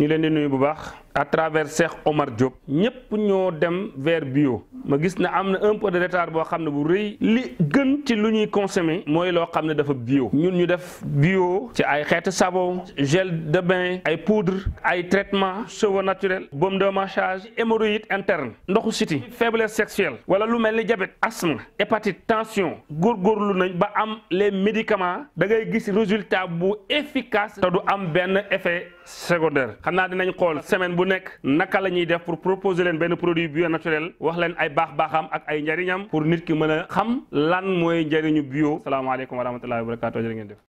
ñi leen di nuyu bu baax à travers Cheikh Omar Diop ñëpp ñoo dem vers bio ma gis ne am na un peu de retard boo xam ne bu rëy li gën ci lu ñuy consommer mooy loo xam ne dafa bio ñun ñu def bio ci ay xeetu sabo gel de bin ay poudre ay traitement cheveux naturel baume de massage hémorroïde interne ndoxu siti faiblesse sexuelle wala lu mel ni diabète asthme hépatite tension góorgóorlu nañ ba am les médicaments da ngay gis résultat bu efficace te du am benn effet secondaire xam naa dinañ xool semaine bu nekk naka la ñuy def pour proposer leen benn produit bio baax-baaxam ak ay njariñam pour nit ki mën a xam lan mooy njariñu bio salaamaaleykum wa rahmatullahi wa barakatu jërë ngeen def